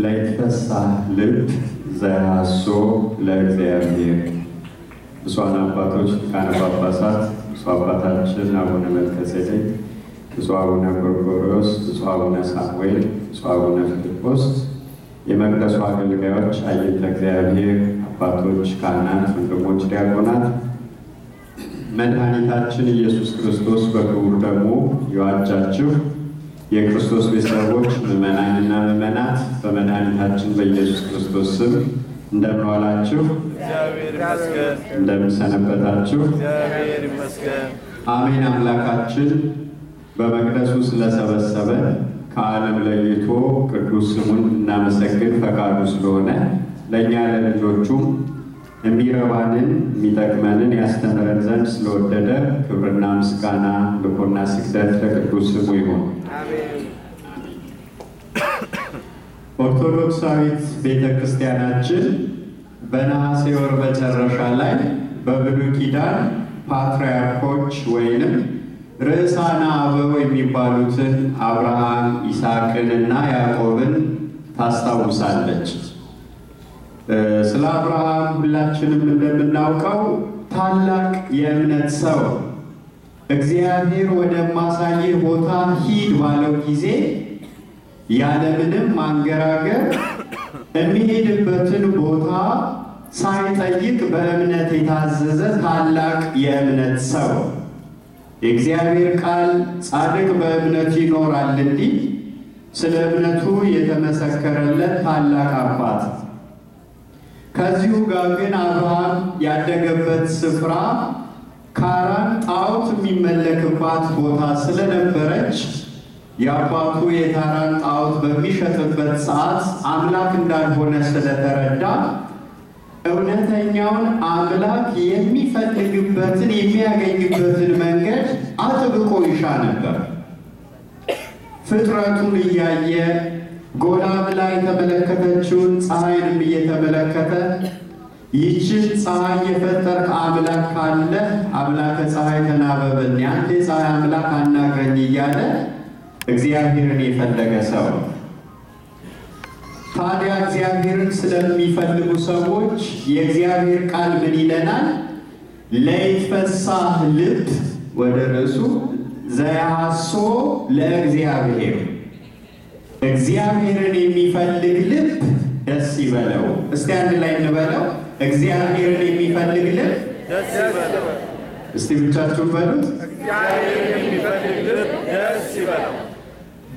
ለይትፈሳህ ልብ ዘያሶ ለእግዚአብሔር ብፁዓን አባቶች ሊቃነ ጳጳሳት፣ ብፁዕ አባታችን አቡነ መልከጼዴቅ፣ ብፁዕ አቡነ ጎርጎርዮስ፣ ብፁዕ አቡነ ሳሙኤል፣ ብፁዕ አቡነ ፊልጶስ፣ የመቅደሱ አገልጋዮች፣ አየተ እግዚአብሔር አባቶች፣ ካህናት፣ ወንድሞች፣ ዲያቆናት መድኃኒታችን ኢየሱስ ክርስቶስ በክቡር ደግሞ ይዋጃችሁ። የክርስቶስ ቤተሰቦች ምዕመናንና ምዕመናት በመድኃኒታችን በኢየሱስ ክርስቶስ ስም እንደምን ዋላችሁ? እንደምን ሰነበታችሁ? አሜን። አምላካችን በመቅደሱ ስለሰበሰበ ከዓለም ለይቶ ቅዱስ ስሙን እናመሰግን ፈቃዱ ስለሆነ ለእኛ ለልጆቹም የሚረባንን የሚጠቅመንን ያስተምረን ዘንድ ስለወደደ ክብርና ምስጋና ልኮና ስግደት ለቅዱስ ስሙ ይሁን። ኦርቶዶክሳዊት ቤተ ክርስቲያናችን በነሐሴ ወር መጨረሻ ላይ በብሉይ ኪዳን ፓትርያርኮች ወይንም ርዕሳነ አበው የሚባሉትን አብርሃም፣ ይስሐቅን እና ያዕቆብን ታስታውሳለች። ስለ አብርሃም ሁላችንም እንደምናውቀው ታላቅ የእምነት ሰው እግዚአብሔር ወደማሳይህ ቦታ ሂድ ባለው ጊዜ ያለምንም ማንገራገር የሚሄድበትን ቦታ ሳይጠይቅ በእምነት የታዘዘ ታላቅ የእምነት ሰው። የእግዚአብሔር ቃል ጻድቅ በእምነት ይኖራል እንዲህ ስለ እምነቱ የተመሰከረለት ታላቅ አባት ከዚሁ ጋር ግን አብርሃም ያደገበት ስፍራ ካራን ጣዖት የሚመለክባት ቦታ ስለነበረች የአባቱ የታራን ጣዖት በሚሸጥበት ሰዓት አምላክ እንዳልሆነ ስለተረዳ እውነተኛውን አምላክ የሚፈልግበትን የሚያገኝበትን መንገድ አጥብቆ ይሻ ነበር። ፍጥረቱን እያየ ጎዳም ላይ የተመለከተችውን ፀሐይንም እየተመለከተ ይችን ፀሐይ የፈጠርክ አምላክ ካለ አምላከ ፀሐይ ተናበበን፣ ያንተ የፀሐይ አምላክ አናግረኝ እያለ እግዚአብሔርን የፈለገ ሰው ታዲያ እግዚአብሔርን ስለሚፈልጉ ሰዎች የእግዚአብሔር ቃል ምን ይለናል? ለይትፈሳህ ልብ ወደ ርዕሱ ዘያሶ ለእግዚአብሔር እግዚአብሔርን የሚፈልግ ልብ ደስ ይበለው። እስቲ አንድ ላይ እንበለው፣ እግዚአብሔርን የሚፈልግ ልብ ደስ ይበለው። እስቲ ብቻችሁን በሉት፣ እግዚአብሔርን የሚፈልግ ልብ ደስ ይበለው።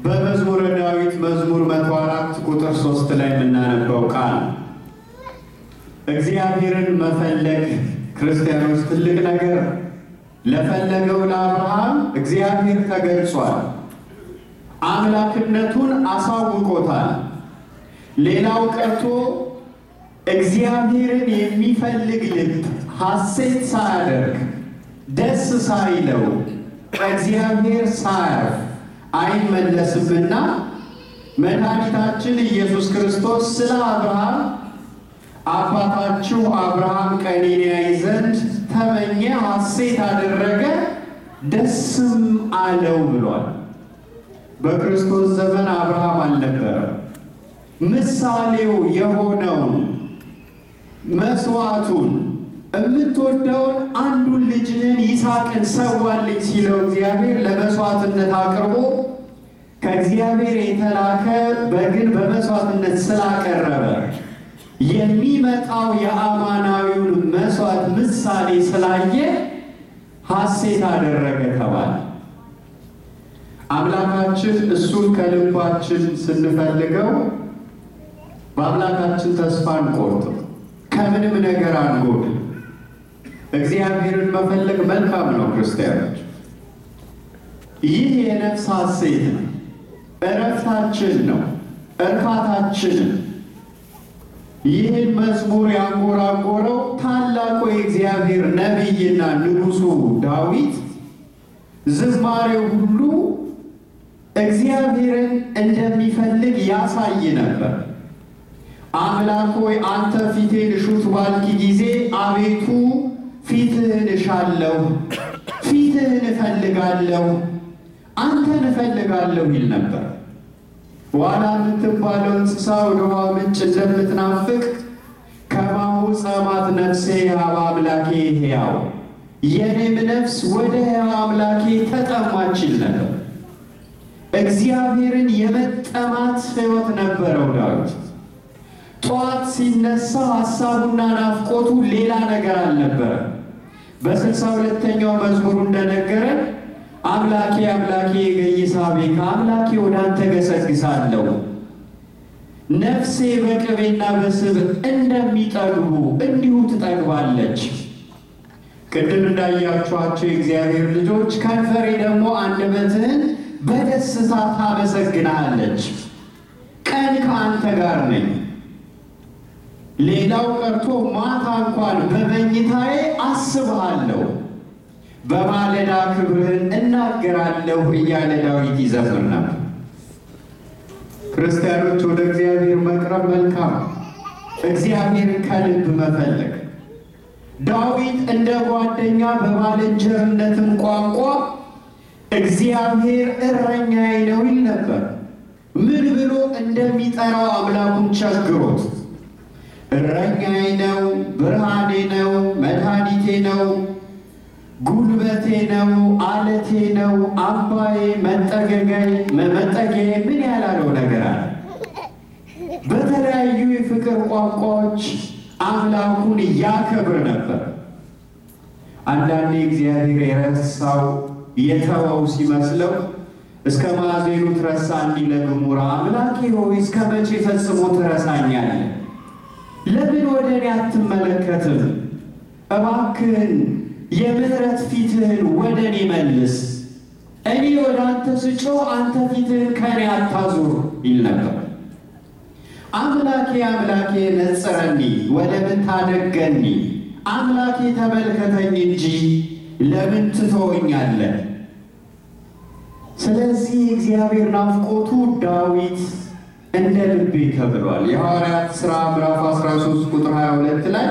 በመዝሙረ ዳዊት መዝሙር 104 ቁጥር 3 ላይ የምናነበው ቃል እግዚአብሔርን መፈለግ ክርስቲያኖች ትልቅ ነገር ለፈለገው ለአብርሃም እግዚአብሔር ተገልጿል። አምላክነቱን አሳውቆታል። ሌላው ቀርቶ እግዚአብሔርን የሚፈልግ ልብ ሐሴት ሳያደርግ ደስ ሳይለው ከእግዚአብሔር ሳያርፍ አይመለስምና መድኃኒታችን ኢየሱስ ክርስቶስ ስለ አብርሃም አባታችሁ አብርሃም ቀኔን ያይ ዘንድ ተመኘ፣ ሐሴት አደረገ፣ ደስም አለው ብሏል። በክርስቶስ ዘመን አብርሃም አልነበረም። ምሳሌው የሆነውን መስዋዕቱን የምትወደውን አንዱን ልጅህን ይስሐቅን ሰዋልኝ ሲለው እግዚአብሔር ለመስዋዕትነት አቅርቦ ከእግዚአብሔር የተላከ በግን በመስዋዕትነት ስላቀረበ የሚመጣው የአማናዊውን መስዋዕት ምሳሌ ስላየ ሐሴት አደረገ ተባለ። አምላካችን እሱን ከልባችን ስንፈልገው በአምላካችን ተስፋ አንቆርጥ፣ ከምንም ነገር አንጎድ። እግዚአብሔርን መፈለግ መልካም ነው። ክርስቲያኖች፣ ይህ የነፍስ ሐሴት ነው፣ እረፍታችን ነው፣ እርካታችን። ይህን መዝሙር ያንጎራጎረው ታላቁ የእግዚአብሔር ነቢይና ንጉሱ ዳዊት ዝማሬው ሁሉ እግዚአብሔርን እንደሚፈልግ ያሳይ ነበር። አምላክ ሆይ አንተ ፊቴን እሹት ባልክ ጊዜ አቤቱ ፊትህን እሻለሁ፣ ፊትህን እፈልጋለሁ፣ አንተን እፈልጋለሁ ይል ነበር። ዋላ የምትባለው እንስሳ ወደ ውሃ ምንጭ እንደምትናፍቅ ከማሁ ጸማት ነፍሴ ያው አምላኬ ሕያው የኔም ነፍስ ወደ ሕያው አምላኬ ተጠማች ይል ነበር። እግዚአብሔርን የመጠማት ሕይወት ነበረው ዳዊት። ጠዋት ሲነሳ ሀሳቡና ናፍቆቱ ሌላ ነገር አልነበረ። በስልሳ ሁለተኛው መዝሙሩ እንደነገረ አምላኬ አምላኬ ገይሳቤከ አምላኬ ወደ አንተ ገሰግሳለሁ ነፍሴ በቅቤና በስብ እንደሚጠግቡ እንዲሁ ትጠግባለች። ቅድም እንዳያችኋቸው የእግዚአብሔር ልጆች ከንፈሬ ደግሞ አንደበትህን በደስታ ታመሰግናለች። ቀን ከአንተ ጋር ነኝ። ሌላው ቀርቶ ማታ እንኳን በመኝታዬ አስብሃለሁ፣ በማለዳ ክብርህን እናገራለሁ እያለ ዳዊት ይዘፍር ነበር። ክርስቲያኖች ወደ እግዚአብሔር መቅረብ መልካም፣ እግዚአብሔርን ከልብ መፈለግ ዳዊት እንደ ጓደኛ በባልንጀርነትም ቋንቋ እግዚአብሔር እረኛዬ ነው ይል ነበር። ምን ብሎ እንደሚጠራው አምላኩን ቸግሮት እረኛዬ ነው፣ ብርሃኔ ነው፣ መድኃኒቴ ነው፣ ጉልበቴ ነው፣ አለቴ ነው፣ አምባዬ፣ መጠገጋዬ መጠጊያዬ ምን ያላለው ነገር አለ። በተለያዩ የፍቅር ቋንቋዎች አምላኩን እያከብር ነበር። አንዳንዴ እግዚአብሔር የረሳው የተወው ሲመስለው እስከ ማዕዜኑ ትረሳ እንዲለብ ሙራ አምላኬ ሆይ እስከ መቼ ፈጽሞ ትረሳኛለህ? ለምን ወደ እኔ አትመለከትም? እባክህን የምህረት ፊትህን ወደ እኔ መልስ። እኔ ወደ አንተ ስጮ አንተ ፊትህን ከእኔ አታዙር ይል ነበር። አምላኬ አምላኬ ነጽረኒ ወደ ምታደገኒ አምላኬ ተመልከተኝ እንጂ ለምን ትተወኛለህ? ስለዚህ እግዚአብሔር ናፍቆቱ ዳዊት እንደ ልቤ ተብሏል። የሐዋርያት ሥራ ምዕራፍ 13 ቁጥር 22 ላይ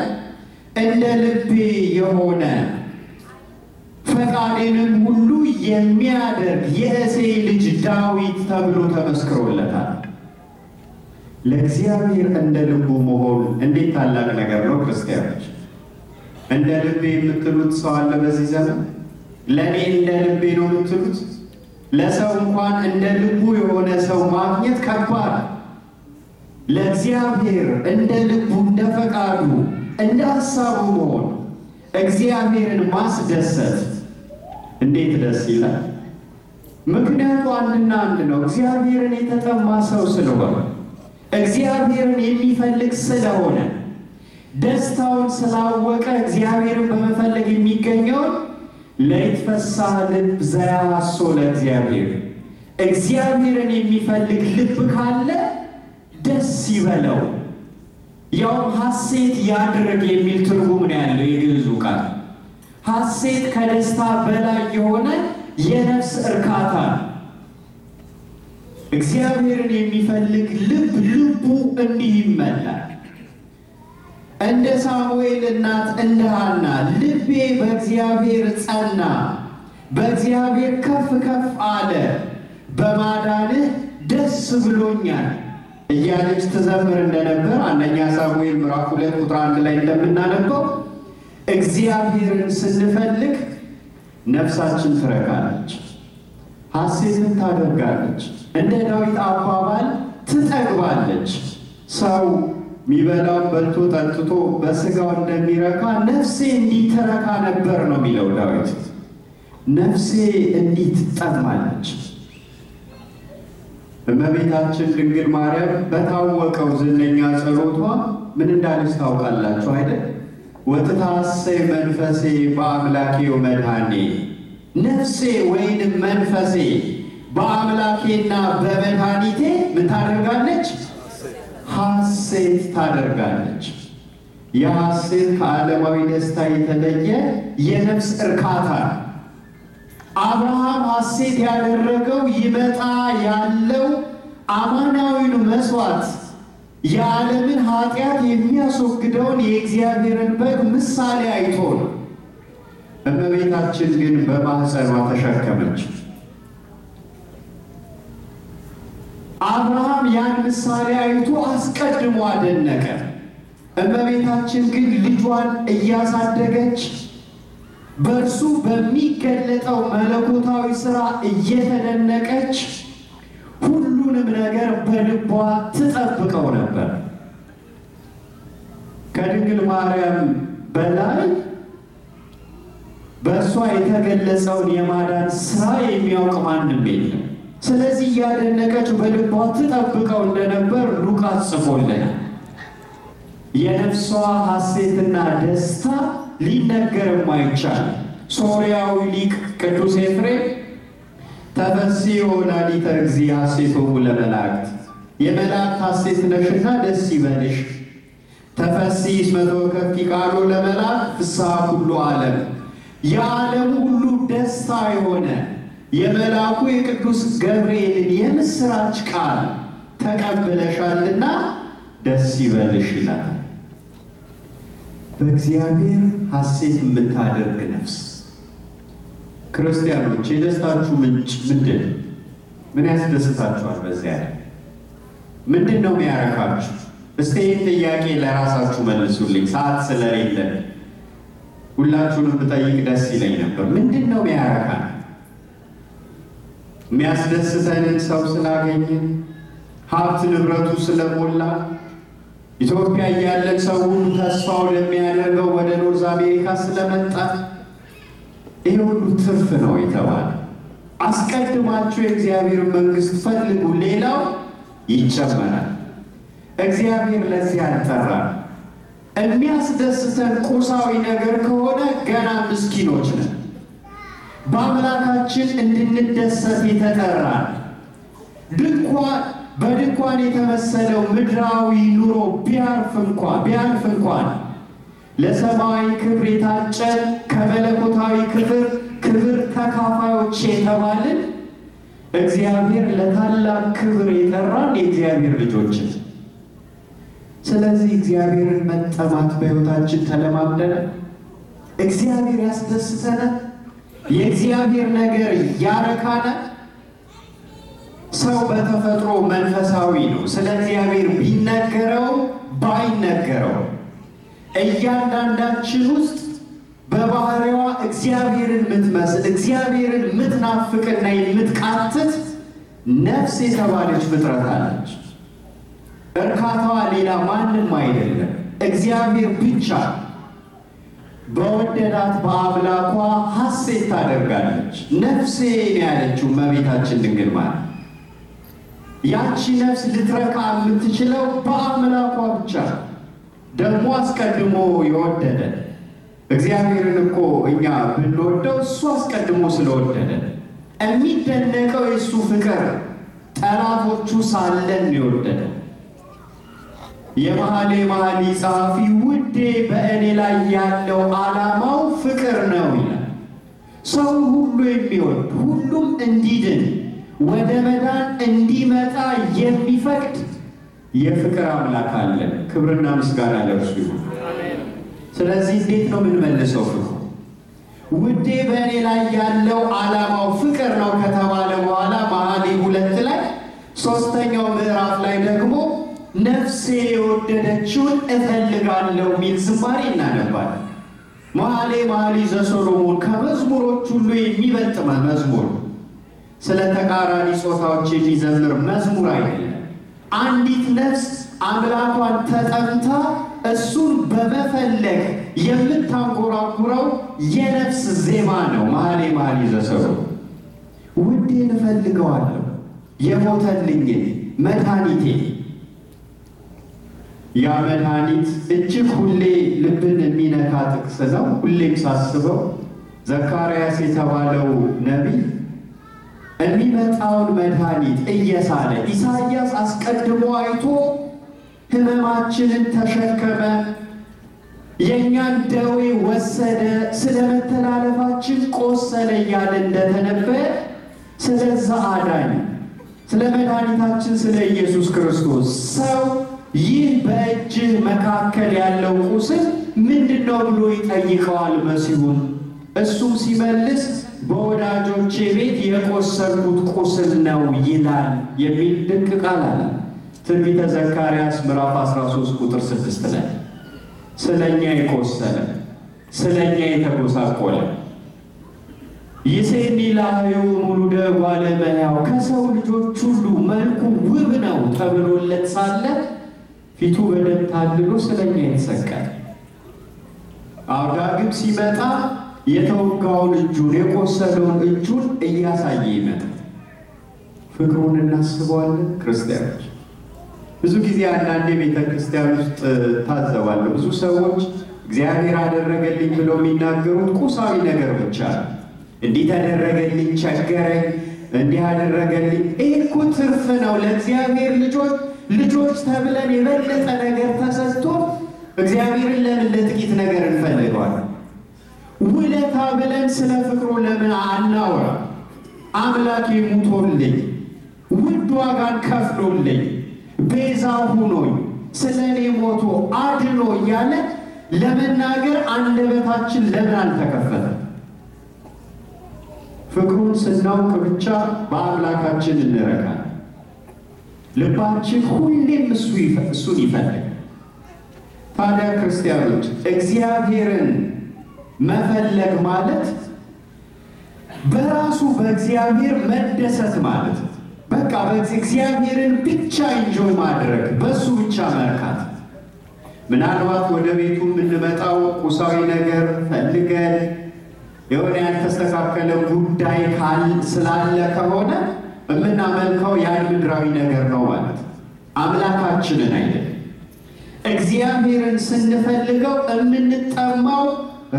እንደ ልቤ የሆነ ፈቃዴንም ሁሉ የሚያደርግ የእሴይ ልጅ ዳዊት ተብሎ ተመስክሮለታል። ለእግዚአብሔር እንደ ልቡ መሆን እንዴት ታላቅ ነገር ነው ክርስቲያኖች! እንደ ልቤ የምትሉት ሰው አለ በዚህ ዘመን? ለእኔ እንደ ልቤ ነው የምትሉት? ለሰው እንኳን እንደ ልቡ የሆነ ሰው ማግኘት ከባድ። ለእግዚአብሔር እንደ ልቡ እንደ ፈቃዱ እንደ ሀሳቡ መሆን እግዚአብሔርን ማስደሰት እንዴት ደስ ይላል! ምክንያቱ አንድና አንድ ነው። እግዚአብሔርን የተጠማ ሰው ስለሆነ፣ እግዚአብሔርን የሚፈልግ ስለሆነ ደስታውን ስላወቀ እግዚአብሔርን በመፈለግ የሚገኘውን ለይትፈሳ ልብ ዘያሶ ለእግዚአብሔር እግዚአብሔርን የሚፈልግ ልብ ካለ ደስ ይበለው ያውም ሐሴት ያድርግ የሚል ትርጉም ነው ያለው የግዕዙ ቃል። ሐሴት ከደስታ በላይ የሆነ የነፍስ እርካታ እግዚአብሔርን የሚፈልግ ልብ ልቡ እንዲህ ይመላል። እንደ ሳሙኤል እናት እንደ ሐና ልቤ በእግዚአብሔር ጸና፣ በእግዚአብሔር ከፍ ከፍ አለ፣ በማዳንህ ደስ ብሎኛል እያለች ትዘምር እንደነበር አንደኛ ሳሙኤል ምዕራፍ ሁለት ቁጥር አንድ ላይ እንደምናነበው እግዚአብሔርን ስንፈልግ ነፍሳችን ትረካለች፣ ሐሴትን ታደርጋለች፣ እንደ ዳዊት አባባል ትጠግባለች ሰው ሚበላውን በልቶ ጠጥቶ በስጋው እንደሚረካ ነፍሴ እንዲትረካ ነበር ነው የሚለው ዳዊት። ነፍሴ እንዲትጠማለች። ትጠማለች። እመቤታችን ድንግል ማርያም በታወቀው ዝነኛ ጸሎቷ ምን እንዳለች ታውቃላችሁ አይደል? ወትታሰይ መንፈሴ በአምላኬው መድኃኔ ነፍሴ ወይንም መንፈሴ በአምላኬና በመድኃኒቴ ምን ታደርጋለች? ሐሴት ታደርጋለች። የሐሴት ከዓለማዊ ደስታ የተለየ የነፍስ እርካታ ነው። አብርሃም ሐሴት ያደረገው ይመጣ ያለው አማናዊውን መስዋዕት የዓለምን ኃጢአት የሚያስወግደውን የእግዚአብሔርን በግ ምሳሌ አይቶ ነው። እመቤታችን ግን በማኅፀኗ ተሸከመች። አብርሃም አብርሃም ያን ምሳሌ አይቶ አስቀድሞ አደነቀ። እመቤታችን ግን ልጇን እያሳደገች በእርሱ በሚገለጠው መለኮታዊ ሥራ እየተደነቀች ሁሉንም ነገር በልቧ ትጠብቀው ነበር። ከድንግል ማርያም በላይ በእሷ የተገለጸውን የማዳን ሥራ የሚያውቅ ማንም የለም። ስለዚህ እያደነቀች በልቧ ትጠብቀው እንደነበር ሉቃስ ጽፎልናል። የነፍሷ ሐሴትና ደስታ ሊነገርም አይቻል። ሶርያዊ ሊቅ ቅዱስ ኤፍሬም ተፈሥሒ ወላዲተ እግዚእ ሐሴቶሙ ለመላእክት የመላእክት ሐሴት ነሽና ደስ ይበልሽ ተፈሥሒ እስመ ተወከፍኪ ቃሎ ለመላእክት ፍስሐ ኩሉ ዓለም የዓለም ሁሉ ደስታ የሆነ የመልአኩ የቅዱስ ገብርኤልን የምስራች ቃል ተቀብለሻልና ደስ ይበልሽ ይላል። በእግዚአብሔር ሐሴት የምታደርግ ነፍስ ክርስቲያኖች፣ የደስታችሁ ምንጭ ምንድን? ምን ያስደስታችኋል? በዚያ ምንድን ነው የሚያረካችሁ? እስቲ ይህን ጥያቄ ለራሳችሁ መልሱልኝ። ሰዓት ስለሌለ ሁላችሁንም ብጠይቅ ደስ ይለኝ ነበር። ምንድን ነው የሚያረካል? የሚያስደስተንን ሰው ስላገኘን፣ ሀብት ንብረቱ ስለሞላ፣ ኢትዮጵያ እያለን ሰው ሁሉ ተስፋ ወደሚያደርገው ወደ ኖርዝ አሜሪካ ስለመጣ ይህ ሁሉ ትርፍ ነው የተባለ አስቀድማችሁ የእግዚአብሔር መንግስት ፈልጉ፣ ሌላው ይጨመራል። እግዚአብሔር ለዚህ አልጠራ። የሚያስደስተን ቁሳዊ ነገር ከሆነ ገና ምስኪኖች ነን። በአምላካችን እንድንደሰት የተጠራን። ድንኳን በድንኳን የተመሰለው ምድራዊ ኑሮ ቢያርፍ እንኳ ቢያልፍ እንኳን ለሰማያዊ ክብር የታጨን ከመለኮታዊ ክብር ክብር ተካፋዮች የተባልን እግዚአብሔር ለታላቅ ክብር የጠራን የእግዚአብሔር ልጆች። ስለዚህ እግዚአብሔርን መጠማት በሕይወታችን ተለማምደናል። እግዚአብሔር ያስደስተናል። የእግዚአብሔር ነገር ያረካነ ሰው በተፈጥሮ መንፈሳዊ ነው። ስለ እግዚአብሔር ቢነገረው ባይነገረው እያንዳንዳችን ውስጥ በባህሪዋ እግዚአብሔርን የምትመስል እግዚአብሔርን የምትናፍቅና የምትቃትት ነፍስ የተባለች ፍጥረት አለች። እርካታዋ ሌላ ማንም አይደለም፣ እግዚአብሔር ብቻ በወደዳት በአምላኳ ሐሴት ታደርጋለች። ነፍሴ ነው ያለችው እመቤታችን ድንግል ማለት ያቺ ነፍስ ልትረካ የምትችለው በአምላኳ ብቻ ነው። ደግሞ አስቀድሞ የወደደ እግዚአብሔርን እኮ እኛ ብንወደው እሱ አስቀድሞ ስለወደደ የሚደነቀው የእሱ ፍቅር ጠላቶቹ ሳለን የወደደ የመኃልየ መኃልይ ጸሐፊ ውዴ በእኔ ላይ ያለው ዓላማው ፍቅር ነው ይላል። ሰው ሁሉ የሚወድ ሁሉም እንዲድን ወደ መዳን እንዲመጣ የሚፈቅድ የፍቅር አምላክ አለ ክብርና ምስጋና ለእርሱ ይሁን። ስለዚህ እንዴት ነው የምንመልሰው? ፍቅሩ ውዴ በእኔ ላይ ያለው ዓላማው ፍቅር ነው ከተባለ በኋላ መኃልየ ሁለት ላይ ሶስተኛው ምዕራፍ ላይ ደግሞ ነፍሴ የወደደችውን እፈልጋለሁ የሚል ዝማሬ እናነባል። መኃልየ መኃልይ ዘሰሎሞን ከመዝሙሮች ሁሉ የሚበልጥ መዝሙር ስለ ተቃራኒ ጾታዎች የሚዘምር መዝሙር አይደለም። አንዲት ነፍስ አምላኳን ተጠምታ እሱን በመፈለግ የምታንጎራጉረው የነፍስ ዜማ ነው። መኃልየ መኃልይ ዘሰሎሞን ውዴን እፈልገዋለሁ የሞተልኝ መድኃኒቴ ያ መድኃኒት እጅግ ሁሌ ልብን የሚነካ ጥቅስ ነው። ሁሌም ሳስበው ዘካርያስ የተባለው ነቢይ የሚመጣውን መድኃኒት እየሳለ ኢሳያስ አስቀድሞ አይቶ ሕመማችንን ተሸከመ፣ የእኛን ደዌ ወሰደ፣ ስለ መተላለፋችን ቆሰለ እያለ እንደተነበየ ስለዛ አዳኝ ስለ መድኃኒታችን ስለ ኢየሱስ ክርስቶስ ሰው ይህ በእጅህ መካከል ያለው ቁስል ምንድን ነው ብሎ ይጠይቀዋል መሲሁን። እሱም ሲመልስ በወዳጆቼ ቤት የቆሰልኩት ቁስል ነው ይላል የሚል ድንቅ ቃል አለ ትንቢተ ዘካርያስ ምዕራፍ 13 ቁጥር 6 ላይ ስለ እኛ የቆሰለ ስለ እኛ የተጎሳቆለ ይሴኒ ላዩ ሙሉ ጓለ መሕያው ከሰው ልጆች ሁሉ መልኩ ውብ ነው ተብሎለት ሳለ ፊቱ በደም ታልሎ ስለኛ የተሰቀለ። አውዳግም ሲመጣ የተወጋውን እጁን የቆሰለውን እጁን እያሳየ ይመጣል። ፍቅሩን እናስበዋለን ክርስቲያኖች። ብዙ ጊዜ አንዳንዴ ቤተ ክርስቲያን ውስጥ ታዘባለሁ። ብዙ ሰዎች እግዚአብሔር አደረገልኝ ብለው የሚናገሩት ቁሳዊ ነገር ብቻ ነው። እንዲህ ተደረገልኝ፣ ቸገረኝ፣ እንዲህ አደረገልኝ። ይህ እኮ ትርፍ ነው ለእግዚአብሔር ልጆች ልጆች ተብለን የበለጠ ነገር ተሰጥቶ እግዚአብሔርን ለምን ለጥቂት ነገር እንፈልገዋለን? ውለታ ብለን ስለ ፍቅሩ ለምን አናወራ? አምላክ የሙቶልኝ ውድ ዋጋን ከፍሎልኝ፣ ቤዛ ሁኖኝ፣ ስለ እኔ ሞቶ አድኖ እያለ ለመናገር አንደበታችን ለምን አልተከፈተም? ፍቅሩን ስናውቅ ብቻ በአምላካችን እንረካል። ልባችን ሁሌም እሱን ይፈልግ። ታዲያ ክርስቲያኖች እግዚአብሔርን መፈለግ ማለት በራሱ በእግዚአብሔር መደሰት ማለት በቃ እግዚአብሔርን ብቻ እንጆይ ማድረግ፣ በሱ ብቻ መርካት። ምናልባት ወደ ቤቱ የምንመጣው ቁሳዊ ነገር ፈልገን የሆነ ያልተስተካከለ ጉዳይ ስላለ ከሆነ የምናመልከው ያን ምድራዊ ነገር ነው ማለት አምላካችንን አይደለም። እግዚአብሔርን ስንፈልገው የምንጠማው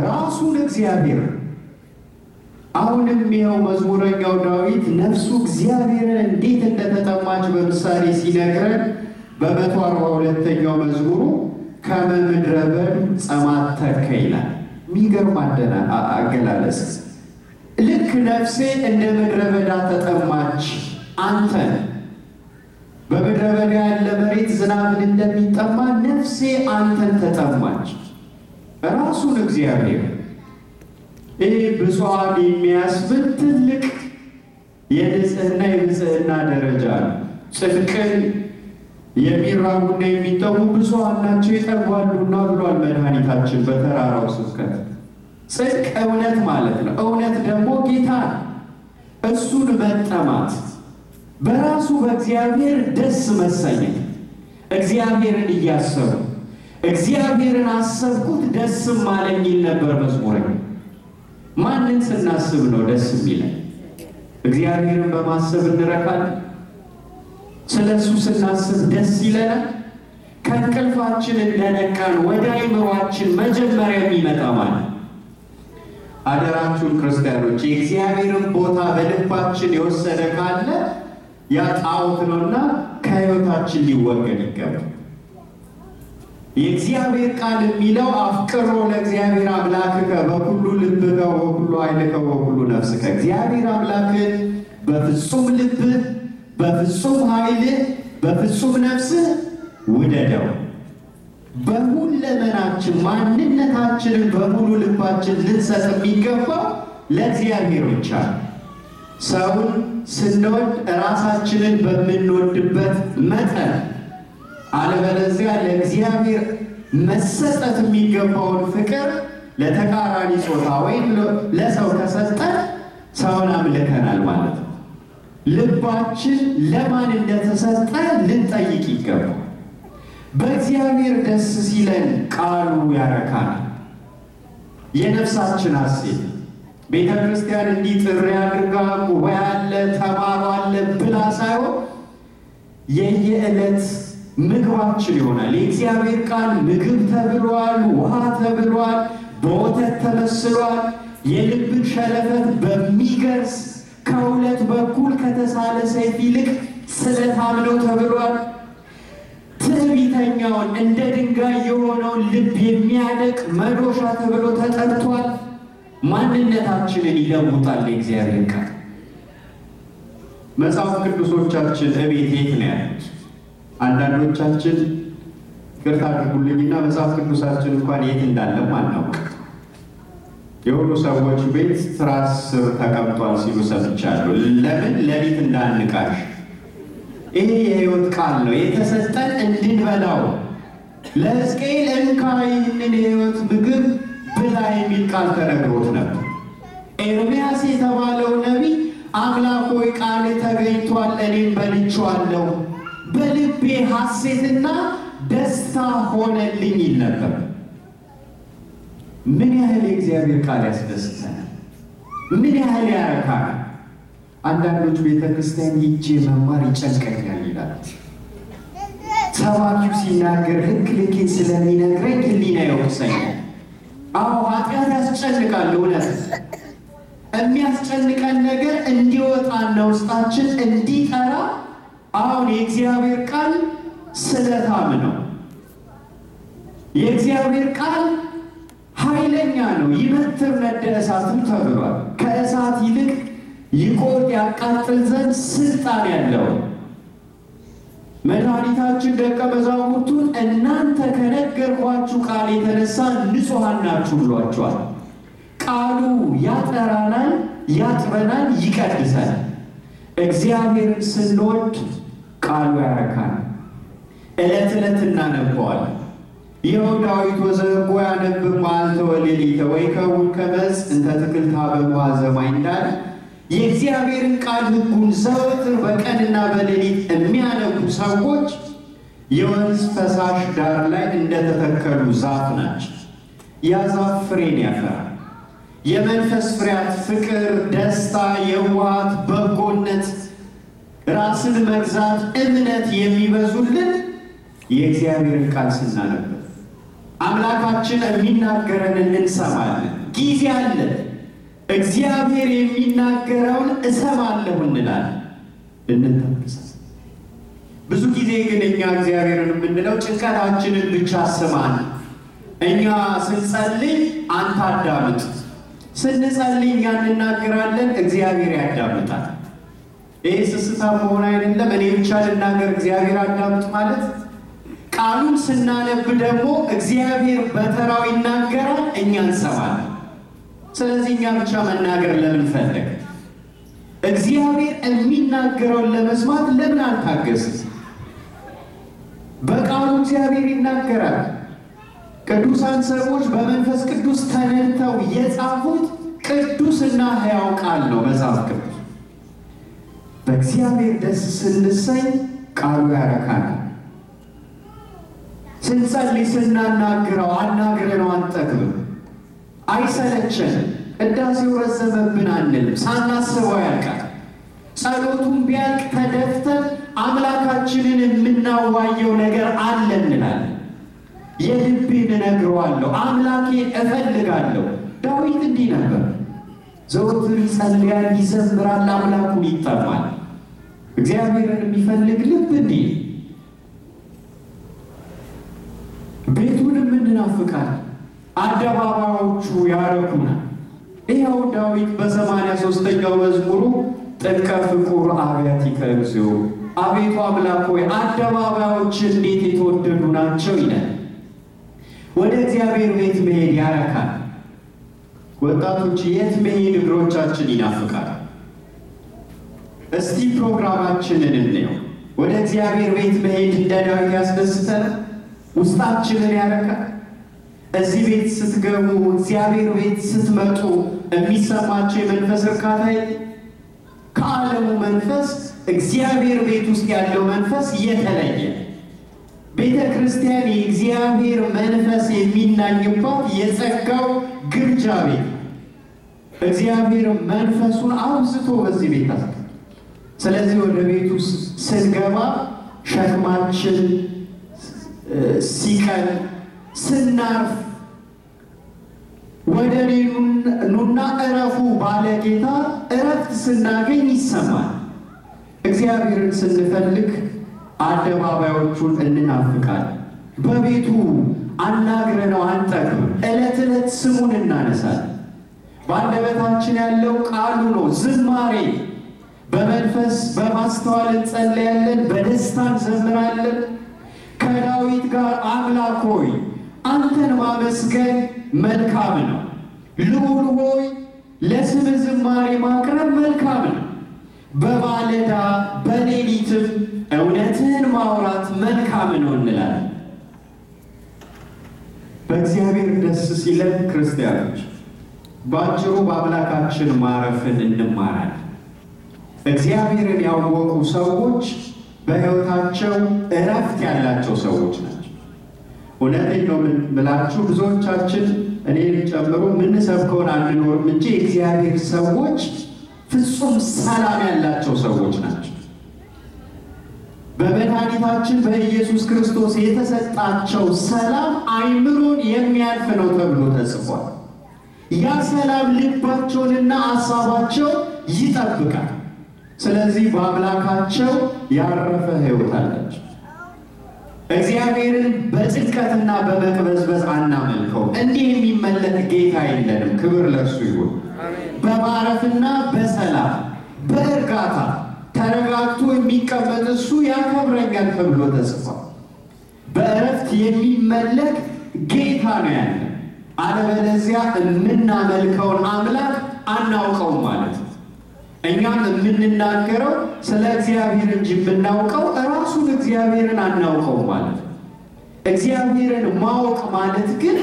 ራሱን እግዚአብሔር አሁንም ይኸው መዝሙረኛው ዳዊት ነፍሱ እግዚአብሔርን እንዴት እንደተጠማች በምሳሌ ሲነግረን በመቶ አርባ ሁለተኛው መዝሙሩ ከመምድረ በድ ጸማተከ ይላል። ሚገርም አገላለስ ነፍሴ እንደ ምድረ በዳ ተጠማች። አንተ በምድረ በዳ ያለ መሬት ዝናብን እንደሚጠማ ነፍሴ አንተን ተጠማች። ራሱን እግዚአብሔር ይህ ብፁዓን የሚያስብል ትልቅ የንጽህና የንጽህና ደረጃ ነው። ጽድቅን የሚራቡና የሚጠሙ ብፁዓን ናቸው ይጠግባሉና ብሏል መድኃኒታችን በተራራው ስብከት ጽድቅ እውነት ማለት ነው። እውነት ደግሞ ጌታ እሱን መጠማት በራሱ በእግዚአብሔር ደስ መሰኘት፣ እግዚአብሔርን እያሰቡ እግዚአብሔርን አሰብኩት ደስ ማለኝ ይል ነበር መዝሙረኛ። ማንን ስናስብ ነው ደስ የሚለን? እግዚአብሔርን በማሰብ እንረካለን። ስለ እሱ ስናስብ ደስ ይለናል። ከእንቅልፋችን እንደነቃን ወደ አይምሯችን መጀመሪያ የሚመጣ ማለት አደራችሁ ክርስቲያኖች፣ የእግዚአብሔርን ቦታ በልባችን የወሰደ ካለ ያ ጣዖት ነውና ከህይወታችን ሊወገድ ይገባል። የእግዚአብሔር ቃል የሚለው አፍቅሮ ለእግዚአብሔር አምላክከ በሁሉ ልብከ ወኩሉ ኃይልከ ወኩሉ ነፍስከ፣ እግዚአብሔር አምላክ በፍጹም ልብህ፣ በፍጹም ኃይልህ፣ በፍጹም ነፍስህ ውደደው። በሁለመናችን ማንነታችንን በሙሉ ልባችን ልንሰጥ የሚገባው ለእግዚአብሔር ብቻ ሰውን ስንወድ ራሳችንን በምንወድበት መጠን፣ አለበለዚያ ለእግዚአብሔር መሰጠት የሚገባውን ፍቅር ለተቃራኒ ጾታ ወይም ለሰው ከሰጠን ሰውን አምልከናል ማለት ነው። ልባችን ለማን እንደተሰጠ ልንጠይቅ ይገባል። በእግዚአብሔር ደስ ሲለን ቃሉ ያረካል፣ የነፍሳችን አሴት ቤተ ክርስቲያን እንዲህ ጥሪ አድርጋ ጉባኤ አለ፣ ተማሩ አለ ብላ ሳይሆን የየዕለት ምግባችን ይሆናል። የእግዚአብሔር ቃል ምግብ ተብሏል፣ ውሃ ተብሏል፣ በወተት ተመስሏል። የልብን ሸለፈት በሚገርስ ከሁለት በኩል ከተሳለ ሰይፍ ይልቅ ስለታም ነው ተብሏል። ትዕቢተኛውን እንደ ድንጋይ የሆነውን ልብ የሚያደቅ መዶሻ ተብሎ ተጠርቷል። ማንነታችንን ይለውጣል እግዚአብሔር ቃል። መጽሐፍ ቅዱሶቻችን እቤት የት ነው ያሉት? አንዳንዶቻችን ይቅርታ አድርጉልኝና መጽሐፍ ቅዱሳችን እንኳን የት እንዳለም አናውቅ። የሁሉ ሰዎች ቤት ትራስ ስር ተቀምጧል ሲሉ ሰምቻለሁ። ለምን ለቤት እንዳንቃሽ ይሄ የህይወት ቃል ነው የተሰጠን እንድንበላው። ለሕዝቅኤል እንካ ይህንን የህይወት ምግብ ብላ የሚል ቃል ተነግሮት ነበር። ኤርምያስ የተባለው ነቢይ አምላክ ሆይ ቃል ተገኝቷል፣ እኔም በልቼዋለሁ፣ በልቤ ሐሴትና ደስታ ሆነልኝ ይል ነበር። ምን ያህል የእግዚአብሔር ቃል ያስደስተናል? ምን ያህል ያረካል? አንዳንዶች ቤተ ክርስቲያን ሂጄ መማር ይጨንቀኛል ይላል። ሰባኪው ሲናገር ህግ ልኬ ስለሚነግረኝ ህሊና ይወቅሰኛል። አዎ ኃጢአት ያስጨንቃል። እውነት የሚያስጨንቀን ነገር እንዲወጣና ውስጣችን እንዲጠራ አሁን የእግዚአብሔር ቃል ስለታም ነው። የእግዚአብሔር ቃል ኃይለኛ ነው። ይበትር ነደ እሳትም ተብሏል። ከእሳት ይልቅ ይቆም ያቃጥል ዘንድ ስልጣን ያለው መድኃኒታችን ደቀ መዛሙርቱን እናንተ ከነገርኳችሁ ቃል የተነሳ ንጹሐን ናችሁ ብሏቸዋል። ቃሉ ያጠራናል፣ ያጥበናል፣ ይቀድሳል። እግዚአብሔርን ስንወድ ቃሉ ያረካል። ዕለት ዕለት እናነበዋል። ይኸው ዳዊት ወዘጎ ያነብብ መዓልተ ወሌሊተ ወይከውን ከመጽእ እንተ ትክልታ በመዋዘ ማይ እንዳለ የእግዚአብሔርን ቃል ሕጉን ዘወትር በቀንና በሌሊት የሚያነቡ ሰዎች የወንዝ ፈሳሽ ዳር ላይ እንደተተከሉ ዛፍ ናቸው። ያ ዛፍ ፍሬን ያፈራል። የመንፈስ ፍሬያት ፍቅር፣ ደስታ፣ የዋሃት፣ በጎነት፣ ራስን መግዛት፣ እምነት የሚበዙልን የእግዚአብሔርን ቃል ስናነብ አምላካችን የሚናገረንን እንሰማለን። ጊዜ አለን። እግዚአብሔር የሚናገረውን እሰማለሁ እንላለን። እንተመልሳለን። ብዙ ጊዜ ግን እኛ እግዚአብሔርን የምንለው ጭንቀታችንን ብቻ ስማን፣ እኛ ስንጸልይ አንተ አዳምጥ፣ ስንጸልይ እኛ እንናገራለን፣ እግዚአብሔር ያዳምጣል። ይህ ስስታ መሆን አይደለም። እኔ ብቻ ልናገር፣ እግዚአብሔር አዳምጥ ማለት ቃሉን ስናነብ ደግሞ እግዚአብሔር በተራው ይናገራል፣ እኛ እንሰማለን። ስለዚህ እኛ ብቻ መናገር ለምን ፈለግ? እግዚአብሔር የሚናገረውን ለመስማት ለምን አልታገስ? በቃሉ እግዚአብሔር ይናገራል። ቅዱሳን ሰዎች በመንፈስ ቅዱስ ተነድተው የጻፉት ቅዱስና ሕያው ቃል ነው። መጽሐፍ ቅዱስ በእግዚአብሔር ደስ ስንሰኝ ቃሉ ያረካናል። ስንጸልይ ስናናግረው አናግረነው አንጠግብም። አይሰለችን። ቅዳሴው ረዘመብን አንልም፣ ሳናስበው ያልቃል። ጸሎቱን ቢያልቅ ተደፍተን አምላካችንን የምናዋየው ነገር አለ እንላለን። የልቤን እነግረዋለሁ፣ አምላኬን እፈልጋለሁ። ዳዊት እንዲህ ነበር፣ ዘወትር ይጸልያል፣ ይዘምራል፣ አምላኩን ይጠማል። እግዚአብሔርን የሚፈልግ ልብ እንዲህ ቤቱንም እንናፍቃለን። አደባባዮቹ ያረኩናል። ይኸው ዳዊት በሰማንያ ሦስተኛው መዝሙሩ ጥቀ ፍቁር አብያት እግዚኦ፣ አቤቱ አምላክ ሆይ አደባባዮች እንዴት የተወደዱ ናቸው ይላል። ወደ እግዚአብሔር ቤት መሄድ ያረካል። ወጣቶች የት መሄድ እግሮቻችን ይናፍቃል? እስቲ ፕሮግራማችንን እንየው። ወደ እግዚአብሔር ቤት መሄድ እንደ ዳዊት ያስደስተን ውስጣችንን ያረካል። እዚህ ቤት ስትገቡ እግዚአብሔር ቤት ስትመጡ የሚሰማቸው የመንፈስ እርካታ ከዓለሙ መንፈስ እግዚአብሔር ቤት ውስጥ ያለው መንፈስ የተለየ ቤተ ክርስቲያን የእግዚአብሔር መንፈስ የሚናኝባት የጸጋው ግርጃ ቤት እግዚአብሔር መንፈሱን አብዝቶ በዚህ ቤት አስ ስለዚህ ወደ ቤቱ ስንገባ ሸክማችን ሲቀል ስናርፍ ወደ እኔ ኑና እረፉ ባለ ጌታ እረፍት ስናገኝ ይሰማል። እግዚአብሔርን ስንፈልግ አደባባዮቹን እንናፍቃለን። በቤቱ አናግረነው አንጠግብም። ዕለት ዕለት ስሙን እናነሳለን። በአንደበታችን ያለው ቃሉ ነው ዝማሬ። በመንፈስ በማስተዋል እንጸለያለን፣ በደስታ እንዘምራለን። ከዳዊት ጋር አምላክ ሆይ አንተን ማመስገን መልካም ነው። ልዑል ሆይ ለስም ዝማሬ ማቅረብ መልካም ነው። በማለዳ በሌሊትም እውነትህን ማውራት መልካም ነው እንላለን። በእግዚአብሔር ደስ ሲለን ክርስቲያኖች በአጭሩ በአምላካችን ማረፍን እንማራለን። እግዚአብሔርን ያወቁ ሰዎች በሕይወታቸው እረፍት ያላቸው ሰዎች ነው። እውነቴን ነው ምላችሁ ብዙዎቻችን እኔ ጨምሮ የምንሰብከውን አንኖርም እንጂ የእግዚአብሔር ሰዎች ፍጹም ሰላም ያላቸው ሰዎች ናቸው። በመድኃኒታችን በኢየሱስ ክርስቶስ የተሰጣቸው ሰላም አይምሮን የሚያልፍ ነው ተብሎ ተጽፏል። ያ ሰላም ልባቸውንና አሳባቸው ይጠብቃል። ስለዚህ በአምላካቸው ያረፈ ሕይወት አላቸው። እግዚአብሔርን በጭንቀትና በመቅበዝበዝ አናመልከው። እንዲህ የሚመለክ ጌታ የለንም። ክብር ለእርሱ ይሁን። በማረፍና በሰላም በእርጋታ ተረጋግቶ የሚቀመጥ እሱ ያከብረኛል ተብሎ ተጽፏል። በእረፍት የሚመለክ ጌታ ነው ያለ። አለበለዚያ የምናመልከውን አምላክ አናውቀውም ማለት ነው። እኛም የምንናገረው ስለ እግዚአብሔር እንጂ የምናውቀው ራሱን እግዚአብሔርን አናውቀው ማለት ነው። እግዚአብሔርን ማወቅ ማለት ግን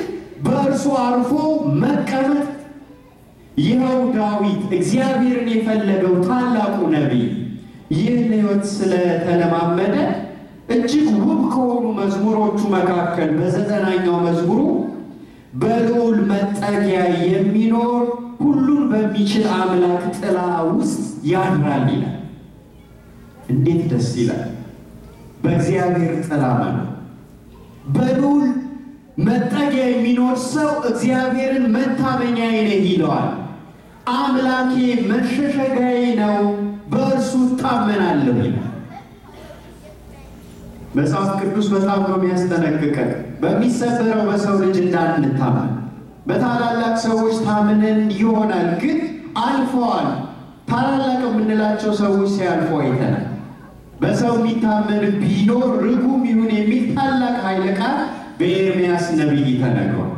በእርሱ አርፎ መቀመጥ። ይኸው ዳዊት እግዚአብሔርን የፈለገው ታላቁ ነቢይ ይህን ሕይወት ስለተለማመደ እጅግ ውብ ከሆኑ መዝሙሮቹ መካከል በዘጠናኛው መዝሙሩ በልዑል መጠጊያ የሚኖር ሁሉን በሚችል አምላክ ጥላ ውስጥ ያድራል ይላል። እንዴት ደስ ይላል! በእግዚአብሔር ጥላ ማለት በልዑል መጠጊያ የሚኖር ሰው እግዚአብሔርን መታመኛ ነህ ይለዋል። አምላኬ መሸሸጋዬ ነው፣ በእርሱ እታመናለሁ ይላል። መጽሐፍ ቅዱስ በጣም ነው የሚያስጠነቅቀን በሚሰበረው በሰው ልጅ እንዳንታመን በታላላቅ ሰዎች ታምነን ይሆናል፣ ግን አልፈዋል። ታላላቅ የምንላቸው ሰዎች ሲያልፉ አይተናል። በሰው የሚታመን ቢኖር ርጉም ይሁን የሚል ታላቅ ኃይለ ቃል በኤርምያስ ነቢይ ተነግሯል።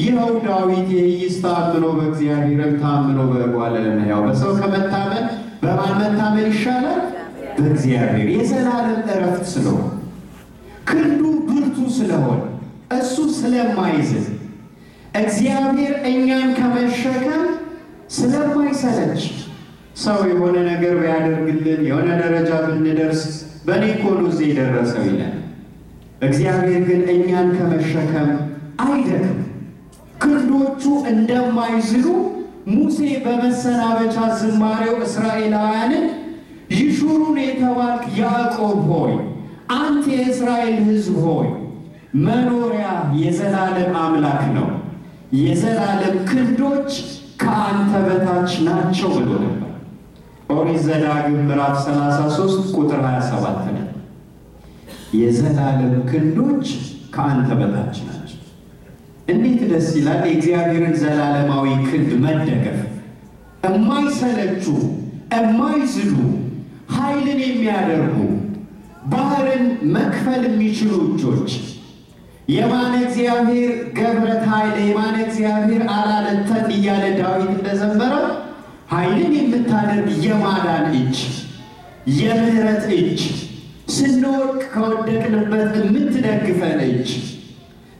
ይኸው ዳዊት የይስ ታምኖ በእግዚአብሔርም ታምኖ በጓለ ያው በሰው ከመታመን በማን መታመን ይሻላል? በእግዚአብሔር የዘላለም እረፍት ስለሆነ ክንዱ ብርቱ ስለሆነ እሱ ስለማይዝን እግዚአብሔር እኛን ከመሸከም ስለማይሰለች ሰው የሆነ ነገር ቢያደርግልን የሆነ ደረጃ ብንደርስ በእኔ እኮ እዚህ የደረሰው ይላል። እግዚአብሔር ግን እኛን ከመሸከም አይደክም። ክንዶቹ እንደማይዝሉ ሙሴ በመሰናበቻ ዝማሬው እስራኤላውያንን ይሹሩን የተባልክ ያዕቆብ ሆይ አንተ የእስራኤል ሕዝብ ሆይ መኖሪያ የዘላለም አምላክ ነው የዘላለም ክንዶች ከአንተ በታች ናቸው ብሎ ነበር። ኦሪት ዘዳግም ምዕራፍ 33 ቁጥር 27 ነው። የዘላለም ክንዶች ከአንተ በታች ናቸው። እንዴት ደስ ይላል! የእግዚአብሔርን ዘላለማዊ ክንድ መደገፍ እማይሰለቹ እማይዝሉ ኃይልን የሚያደርጉ ባህርን መክፈል የሚችሉ እጆች የማነ እግዚአብሔር ገብረት ኃይል የማነ እግዚአብሔር አላለተን እያለ ዳዊት እንደዘመረው ኃይልን የምታደርግ የማዳን እጅ፣ የምህረት እጅ፣ ስንወድቅ ከወደቅንበት የምትደግፈን እጅ፣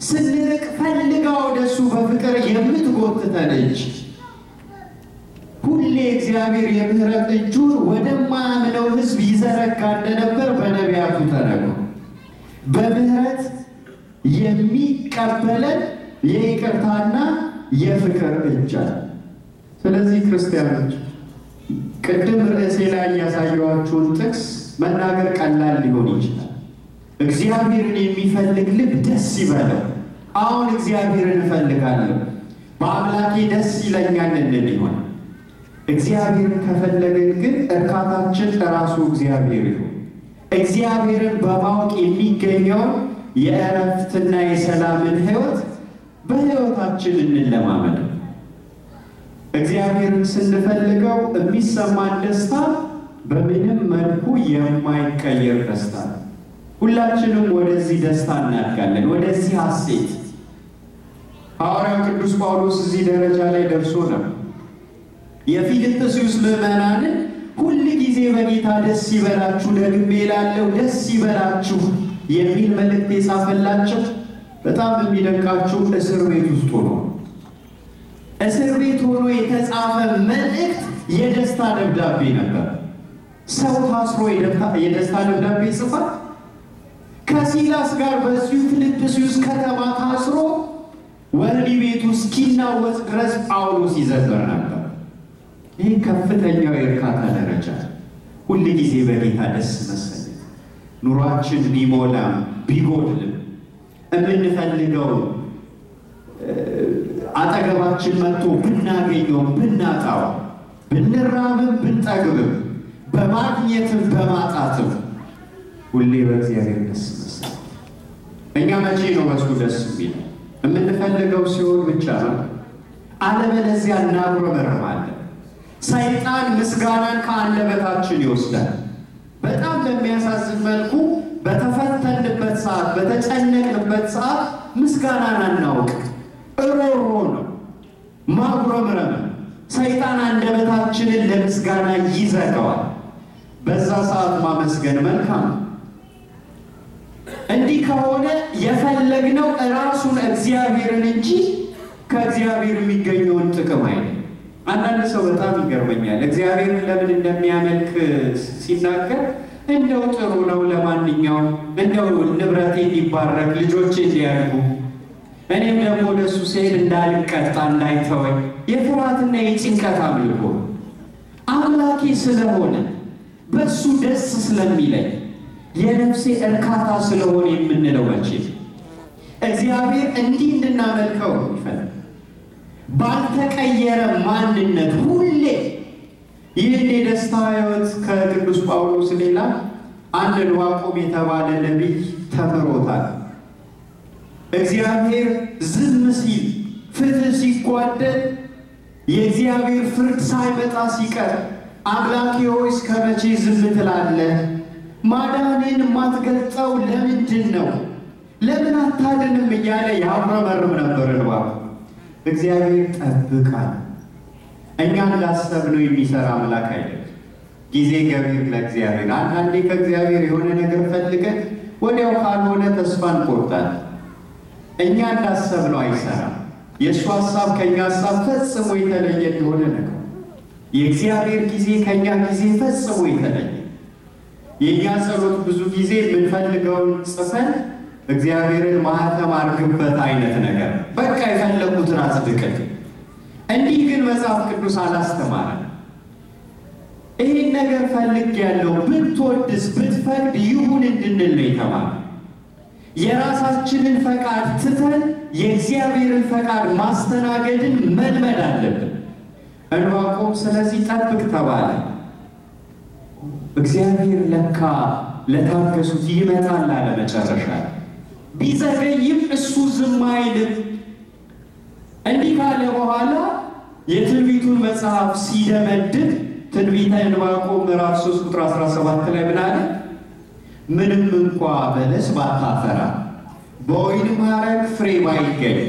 ስንርቅ ፈልጋ ወደሱ በፍቅር የምትጎትተን እጅ ሁሌ እግዚአብሔር የምህረት እጁን ወደማያምነው ሕዝብ ይዘረጋ እንደነበር በነቢያቱ ተነግሮ በምህረት የሚቀበለን የይቅርታና የፍቅር እጅ አለ። ስለዚህ ክርስቲያኖች ቅድም ርዕሴ ላይ ያሳየኋችሁን ጥቅስ መናገር ቀላል ሊሆን ይችላል። እግዚአብሔርን የሚፈልግ ልብ ደስ ይበለው። አሁን እግዚአብሔርን እፈልጋለሁ፣ በአምላኬ ደስ ይለኛል እንል ይሆን? እግዚአብሔርን ከፈለግን ግን እርካታችን ራሱ እግዚአብሔር ይሁን። እግዚአብሔርን በማወቅ የሚገኘውን የእረፍትና የሰላምን ህይወት በህይወታችን እንለማመድ። እግዚአብሔርን ስንፈልገው የሚሰማን ደስታ በምንም መልኩ የማይቀየር ደስታ ነው። ሁላችንም ወደዚህ ደስታ እናድጋለን፣ ወደዚህ ሐሴት። ሐዋርያው ቅዱስ ጳውሎስ እዚህ ደረጃ ላይ ደርሶ ነው የፊልጵስዩስ ምዕመናንን ሁል ጊዜ በጌታ ደስ ይበላችሁ፣ ደግሜ እላለሁ ደስ ይበላችሁ የሚል መልእክት የጻፈላቸው በጣም የሚደንቃችሁ እስር ቤት ውስጥ ሆኖ እስር ቤት ሆኖ የተጻፈ መልእክት የደስታ ደብዳቤ ነበር። ሰው ታስሮ የደስታ ደብዳቤ ይጽፋል? ከሲላስ ጋር በዚሁ ፊልጵስዩስ ከተማ ታስሮ ወህኒ ቤቱ እስኪናወጽ ድረስ ጳውሎስ ይዘበር ነበር። ይህ ከፍተኛው የእርካታ ደረጃ ሁልጊዜ በጌታ ደስ መሰለኝ ኑሯችን ቢሞላም ቢጎድልም እምንፈልገው አጠገባችን መጥቶ ብናገኘውም ብናጣው ብንራብም ብንጠግብም በማግኘትም በማጣትም ሁሌ በእግዚአብሔር ደስ መስል እኛ መቼ ነው በሱ ደስ የሚለው? የምንፈልገው ሲሆን ብቻ ነው። አለበለዚያ እናጉረመረማለን። ሰይጣን ምስጋናን ከአንደበታችን ይወስዳል። በጣም በሚያሳዝን መልኩ በተፈተንበት ሰዓት፣ በተጨነቅንበት ሰዓት ምስጋናን አናውቅ። እሮሮ ነው ማጉረምረም። ሰይጣን አንደበታችንን ለምስጋና ይዘጋዋል። በዛ ሰዓት ማመስገን መልካም ነው። እንዲህ ከሆነ የፈለግነው ራሱን እግዚአብሔርን እንጂ ከእግዚአብሔር የሚገኘውን ጥቅም አይደለም። አንዳንድ ሰው በጣም ይገርመኛል። እግዚአብሔርን ለምን እንደሚያመልክ ሲናገር እንደው ጥሩ ነው ለማንኛውም እንደው ንብረቴ እንዲባረክ ልጆቼ እንዲያድጉ እኔም ደግሞ ለሱ ስሄድ እንዳልቀጣ እንዳይተወኝ የፍርሃትና የጭንቀት አምልኮ አምላኬ ስለሆነ በእሱ ደስ ስለሚለኝ የነፍሴ እርካታ ስለሆነ የምንለው መቼ እግዚአብሔር እንዲህ እንድናመልከው ይፈልጋል። ባልተቀየረ ማንነት ሁሌ ይህን የደስታ ሕይወት ከቅዱስ ጳውሎስ ሌላ አንድ ዕንባቆም የተባለ ነቢይ ተምሮታል። እግዚአብሔር ዝም ሲል፣ ፍትህ ሲጓደል፣ የእግዚአብሔር ፍርድ ሳይመጣ ሲቀር አምላኪ ሆይ እስከ መቼ ዝም ትላለህ? ማዳኔን የማትገልጸው ለምንድን ነው? ለምን አታድንም? እያለ ያብረመርም ነበር ዕንባቆም እግዚአብሔር ጠብቃል። እኛን ላሰብነው የሚሰራ አምላክ አይደለም። ጊዜ ገቢር ለእግዚአብሔር። አንዳንዴ ከእግዚአብሔር የሆነ ነገር ፈልገን ወዲያው ካልሆነ ተስፋ እንቆርጣለን። እኛ እንዳሰብነው አይሰራም። የእሱ ሀሳብ ከእኛ ሀሳብ ፈጽሞ የተለየ እንደሆነ ነገር የእግዚአብሔር ጊዜ ከእኛ ጊዜ ፈጽሞ የተለየ የእኛ ጸሎት ብዙ ጊዜ የምንፈልገውን ጽፈን እግዚአብሔርን ማህተም አድርግበት አይነት ነገር በቃ የፈለጉትን አጽድቅል። እንዲህ ግን መጽሐፍ ቅዱስ አላስተማረን። ይህን ነገር ፈልግ ያለው ብትወድስ ብትፈቅድ ይሁን እንድንል ነው የተባለ። የራሳችንን ፈቃድ ትተን የእግዚአብሔርን ፈቃድ ማስተናገድን መልመድ አለብን። ዕንባቆም ስለዚህ ጠብቅ ተባለ። እግዚአብሔር ለካ ለታገሱት ይመጣል አለ መጨረሻ ቢዘገይም እሱ ዝም አይልም። እንዲህ ካለ በኋላ የትንቢቱን መጽሐፍ ሲደመድብ ትንቢተ ዕንባቆም ምዕራፍ 3 ቁጥር 17 ላይ ምን አለ? ምንም እንኳ በለስ ባታፈራ በወይን ማረግ ፍሬ ባይገኝ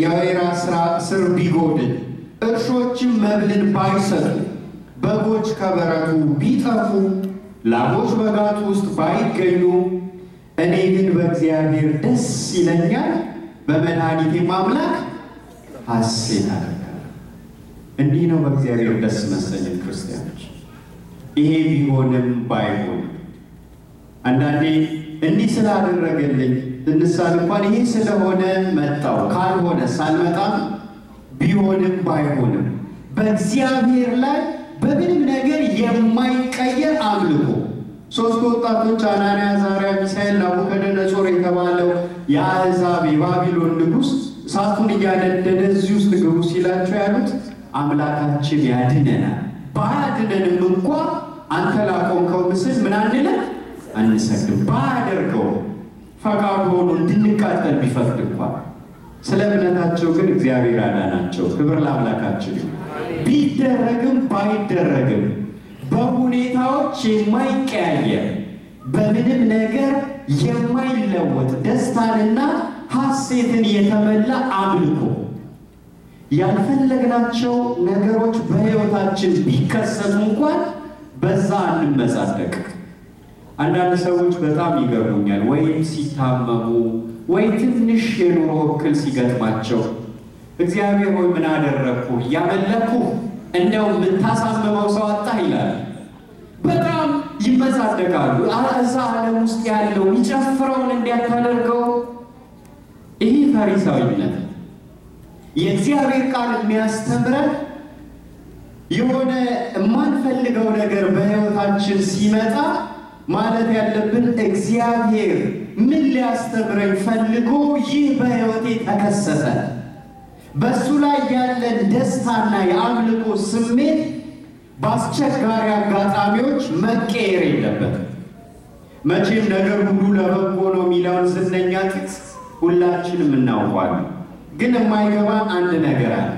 የወይራ ስር ቢጎድል እርሾችም መብልን ባይሰጡ በጎች ከበረቱ ቢጠፉ ላሞች በጋት ውስጥ ባይገኙ እኔ ግን በእግዚአብሔር ደስ ይለኛል፣ በመድኃኒቴ አምላክ ሐሴት አደርጋለሁ። እንዲህ ነው በእግዚአብሔር ደስ መሰኘት ክርስቲያኖች። ይሄ ቢሆንም ባይሆንም አንዳንዴ እንዲህ ስላደረገልኝ ትንሳል እንኳን ይሄ ስለሆነ መጣው ካልሆነ ሳልመጣም ቢሆንም ባይሆንም በእግዚአብሔር ላይ በምንም ነገር የማይቀየር አምልኮ ሶስት ወጣቶች አናንያ፣ አዛርያ፣ ሚሳኤል ናቡከደነጾር የተባለው የአሕዛብ የባቢሎን ንጉሥ እሳቱን እያነደደ እዚህ ውስጥ ግቡ ሲላቸው ያሉት አምላካችን ያድነናል፣ ባያድነንም እንኳ አንተ ላቆምከው ምስል ምን አንለን አንሰግድም። ባያደርገው ፈቃዱ ሆኖ እንድንቃጠል ቢፈቅድ እንኳ ስለ እምነታቸው ግን እግዚአብሔር አዳናቸው። ክብር ለአምላካችን ይሁን። ቢደረግም ባይደረግም በሁኔታዎች የማይቀያየር በምንም ነገር የማይለወጥ ደስታንና ሐሴትን የተመላ አምልኮ ያልፈለግናቸው ነገሮች በሕይወታችን ቢከሰቱ እንኳን በዛ አንመጻደቅ። አንዳንድ ሰዎች በጣም ይገርሙኛል። ወይም ሲታመሙ ወይ ትንሽ የኑሮ እክል ሲገጥማቸው እግዚአብሔር ሆይ ምን አደረግኩ እያመለኩ እንደው የምታሳምመው ሰው አጣ ይላል። በጣም ይመጻደቃሉ። እዛ ዓለም ውስጥ ያለው የሚጨፍረውን እንዲያታደርገው ይህ ፈሪሳዊነት የእግዚአብሔር ቃል የሚያስተምረን የሆነ የማንፈልገው ነገር በሕይወታችን ሲመጣ ማለት ያለብን እግዚአብሔር ምን ሊያስተምረኝ ፈልጎ ይህ በሕይወቴ ተከሰተ በእሱ ላይ ያለን ደስታና የአምልኮ ስሜት በአስቸጋሪ አጋጣሚዎች መቀየር የለበትም። መቼም ነገር ሁሉ ለበጎ ነው የሚለውን ዝነኛ ጥቅስ ሁላችንም እናውቋለን። ግን የማይገባን አንድ ነገር አለ።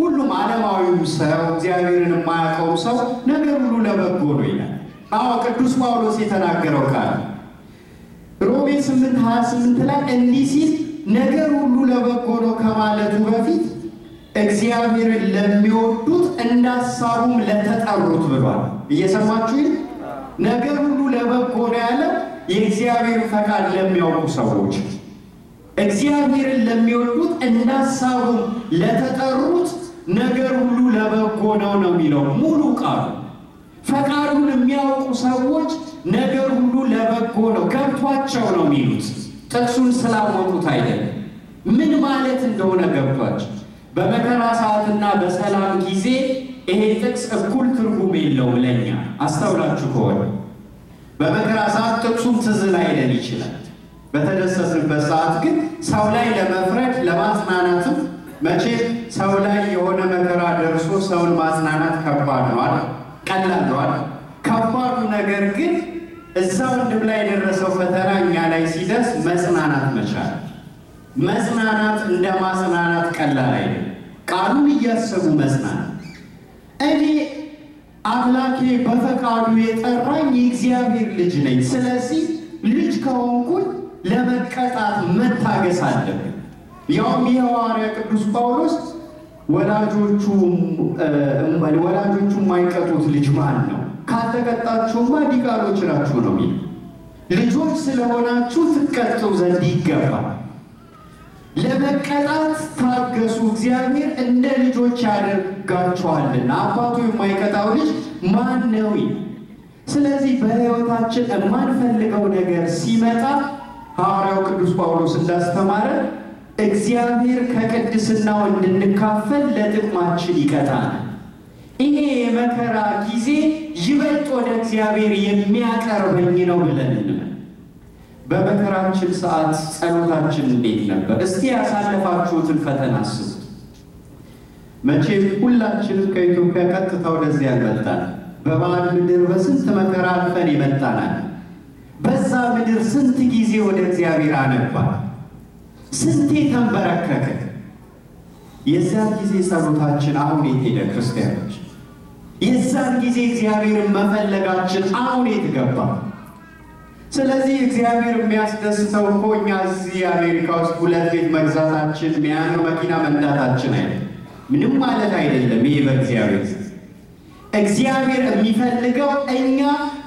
ሁሉም ዓለማዊው ሰው እግዚአብሔርን የማያውቀው ሰው ነገር ሁሉ ለበጎ ነው ይላል። አዎ ቅዱስ ጳውሎስ የተናገረው ቃል ሮሜ 8 28 ላይ እንዲህ ሲል ነገር ሁሉ ለበጎ ነው ከማለቱ በፊት እግዚአብሔርን ለሚወዱት እንደ ለተጠሩት ብሏል። እየሰማችሁ ነገር ሁሉ ለበጎ ነው ያለ የእግዚአብሔር ፈቃድ ለሚያውቁ ሰዎች እግዚአብሔርን ለሚወዱት እንደ ለተጠሩት ነገር ሁሉ ለበጎ ነው ነው የሚለው ሙሉ ቃሉ። ፈቃዱን የሚያውቁ ሰዎች ነገር ሁሉ ለበጎ ነው ገብቷቸው ነው የሚሉት ጥቅሱን ስላወቁት አይደለም። ምን ማለት እንደሆነ ገብቷቸው በመከራ ሰዓትና በሰላም ጊዜ ይሄ ጥቅስ እኩል ትርጉም የለውም ለኛ። አስተውላችሁ ከሆነ በመከራ ሰዓት ጥቅሱን ትዝ ላይለን ይችላል። በተደሰስንበት ሰዓት ግን ሰው ላይ ለመፍረድ ለማጽናናትም መቼ ሰው ላይ የሆነ መከራ ደርሶ ሰውን ማጽናናት ከባድ ነዋል፣ ቀላል ነዋል። ከባዱ ነገር ግን እዛ ወንድም ላይ የደረሰው ፈተና እኛ ላይ ሲደርስ መጽናናት መቻል። መጽናናት እንደ ማጽናናት ቀላል አይደለም። ቃሉን እያሰቡ መጽናናት እኔ አምላኬ በፈቃዱ የጠራኝ የእግዚአብሔር ልጅ ነኝ። ስለዚህ ልጅ ከሆንኩኝ ለመቀጣት መታገስ አለብን። ያውም የሐዋርያ ቅዱስ ጳውሎስ ወላጆቹ ወላጆቹ የማይቀጡት ልጅ ማን ነው? ካልተቀጣችሁማ ዲቃሎች ናችሁ ነው የሚል። ልጆች ስለሆናችሁ ትቀጡ ዘንድ ይገባል። ለመቀጣት ታገሱ፣ እግዚአብሔር እንደ ልጆች ያደርጋችኋልና። አባቱ የማይቀጣው ልጅ ማን ነው? ስለዚህ በሕይወታችን የማንፈልገው ነገር ሲመጣ ሐዋርያው ቅዱስ ጳውሎስ እንዳስተማረ እግዚአብሔር ከቅድስናው እንድንካፈል ለጥቅማችን ይቀጣል። ይሄ የመከራ ጊዜ ይበልጥ ወደ እግዚአብሔር የሚያቀርበኝ ነው ብለን እንበል። በመከራችን ሰዓት ጸሎታችን እንዴት ነበር? እስቲ ያሳለፋችሁትን ፈተና አስቡ? መቼም ሁላችንም ከኢትዮጵያ ቀጥታ ወደዚያ ይመጣል። በባዕድ ምድር በስንት መከራ አልፈን ይመጣናል። በዛ ምድር ስንት ጊዜ ወደ እግዚአብሔር አነባ? ስንቴ ተንበረከከ። የዚያን ጊዜ ጸሎታችን አሁን የት ሄደ? ክርስቲያኖች የዛን ጊዜ እግዚአብሔርን መፈለጋችን አሁን የት ገባ? ስለዚህ እግዚአብሔር የሚያስደስተው እኮ እኛ እዚህ አሜሪካ ውስጥ ሁለት ቤት መግዛታችን፣ ሚያኖ መኪና መንዳታችን አይደለም። ምንም ማለት አይደለም። ይህ በእግዚአብሔር እግዚአብሔር የሚፈልገው እኛ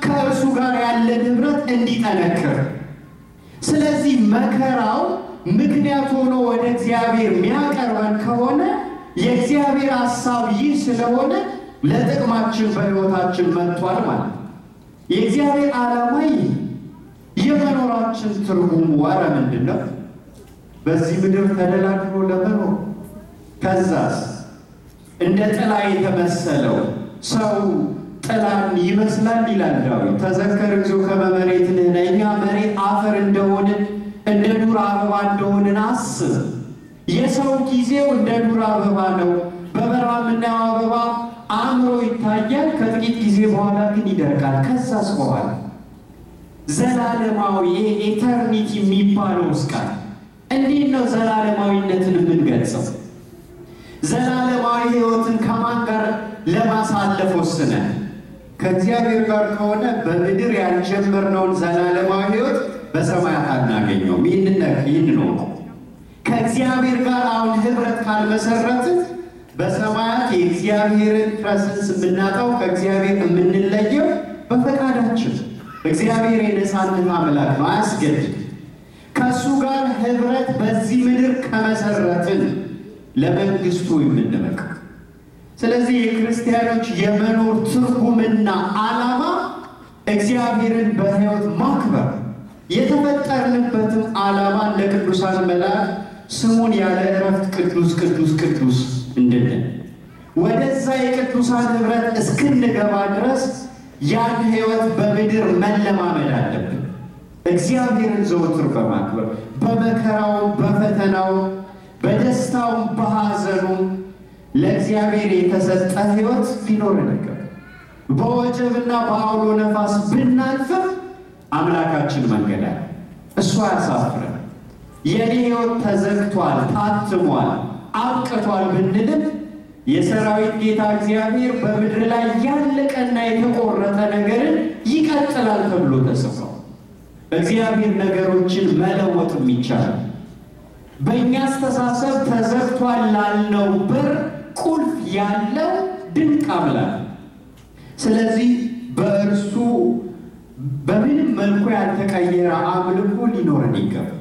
ከእርሱ ጋር ያለን ህብረት እንዲጠነክር። ስለዚህ መከራው ምክንያት ሆኖ ወደ እግዚአብሔር የሚያቀርበን ከሆነ የእግዚአብሔር ሀሳብ ይህ ስለሆነ ለጥቅማችን በሕይወታችን መጥቷል ማለት የእግዚአብሔር ዓላማ ይህ የመኖራችን ትርጉም ዋረ ምንድን ነው? በዚህ ምድር ተደላድሎ ለመኖር ከዛስ እንደ ጥላ የተመሰለው ሰው ጥላን ይመስላል ይላል ዳዊት። ተዘከር እግዚኦ ከመ መሬት ንሕነ፣ እኛ መሬት አፈር እንደሆንን እንደ ዱር አበባ እንደሆንን አስብ። የሰው ጊዜው እንደ ዱር አበባ ነው። በበረሃ የምናየው አበባ አምሮ ይታያል። ከጥቂት ጊዜ በኋላ ግን ይደርቃል። ከዛስ በኋላ ዘላለማዊ ኤተርኒቲ የሚባለው ቃል እንዴት ነው ዘላለማዊነትን የምንገልጸው? ዘላለማዊ ህይወትን ከማን ጋር ለማሳለፍ ወስነ ከእግዚአብሔር ጋር ከሆነ በምድር ያልጀመርነውን ዘላለማዊ ህይወት በሰማያት አናገኘውም። ይህን ነው ከእግዚአብሔር ጋር አሁን ህብረት ካልመሰረትን በሰማያት የእግዚአብሔርን ፕረሰንስ የምናጣው ከእግዚአብሔር የምንለየው በፈቃዳችን እግዚአብሔር የነፃነት አምላክ ነው፣ አያስገድድ ከእሱ ጋር ህብረት በዚህ ምድር ከመሰረትን ለመንግስቱ የምንበቃ። ስለዚህ የክርስቲያኖች የመኖር ትርጉምና ዓላማ እግዚአብሔርን በህይወት ማክበር የተፈጠርንበትን ዓላማ ለቅዱሳን መላእክት ስሙን ያለ እረፍት ቅዱስ ቅዱስ ቅዱስ እንድንል ወደዛ የቅዱሳን ኅብረት እስክንገባ ድረስ ያን ህይወት በምድር መለማመድ አለብን። እግዚአብሔርን ዘወትር በማክበር በመከራው በፈተናው በደስታው በሐዘኑም ለእግዚአብሔር የተሰጠ ህይወት ሊኖር ነገር በወጀብና በአውሎ ነፋስ ብናልፍም አምላካችን መንገድ አለ። እሱ አያሳፍረን። የኔ ሕይወት ተዘግቷል፣ ታትሟል፣ አብቅቷል ብንልም የሰራዊት ጌታ እግዚአብሔር በምድር ላይ ያለቀና የተቆረጠ ነገርን ይቀጥላል ተብሎ ተጽፏል። እግዚአብሔር ነገሮችን መለወጥ ይቻላል። በእኛ አስተሳሰብ ተዘግቷል ላለው በር ቁልፍ ያለው ድንቅ አምላክ። ስለዚህ በእርሱ በምንም መልኩ ያልተቀየረ አምልኮ ሊኖረን ይገባል።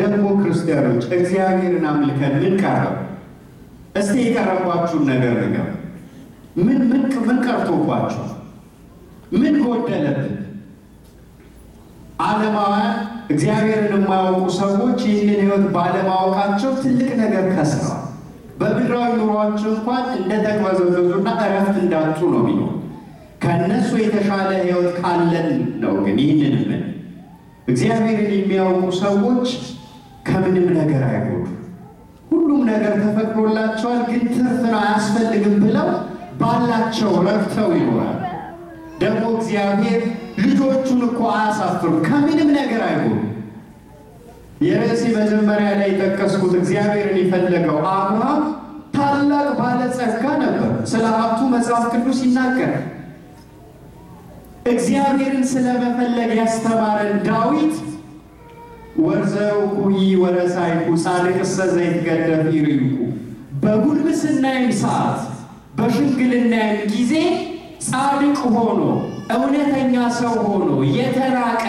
ደግሞ ክርስቲያኖች እግዚአብሔርን አምልከን ምን እስቲ የቀረባችሁን ነገር ነገር ምን ምን ምን ቀርቶባችሁ? ምን ጎደለብን? ዓለማውያን እግዚአብሔርን የማያውቁ ሰዎች ይህንን ሕይወት ባለማወቃቸው ትልቅ ነገር ከስረዋል። በምድራዊ ኑሯቸው እንኳን እንደተቅበዘበዙና እረፍት እንዳጡ ነው የሚኖሩ። ከእነሱ የተሻለ ሕይወት ካለን ነው ግን ይህንን ምን እግዚአብሔርን የሚያውቁ ሰዎች ከምንም ነገር አይሆኑ ሁሉም ነገር ተፈቅዶላቸዋል፣ ግን ትርፍ ነው አያስፈልግም ብለው ባላቸው ረክተው ይኖራል። ደግሞ እግዚአብሔር ልጆቹን እኮ አያሳፍሩም፣ ከምንም ነገር አይሆኑ የርዕሴ መጀመሪያ ላይ የጠቀስኩት እግዚአብሔርን የፈለገው አብርሃም ታላቅ ባለጸጋ ነበር። ስለ ሀብቱ መጽሐፍ ቅዱስ ይናገራል። እግዚአብሔርን ስለመፈለግ ያስተማረን ዳዊት ወርዘው ኩይ ወረሳይኩ ጻድቅሰ ዘይትገደፍ ይርይኩ በጉልምስናይም ሰዓት በሽምግልናይም ጊዜ ጻድቅ ሆኖ እውነተኛ ሰው ሆኖ የተራቀ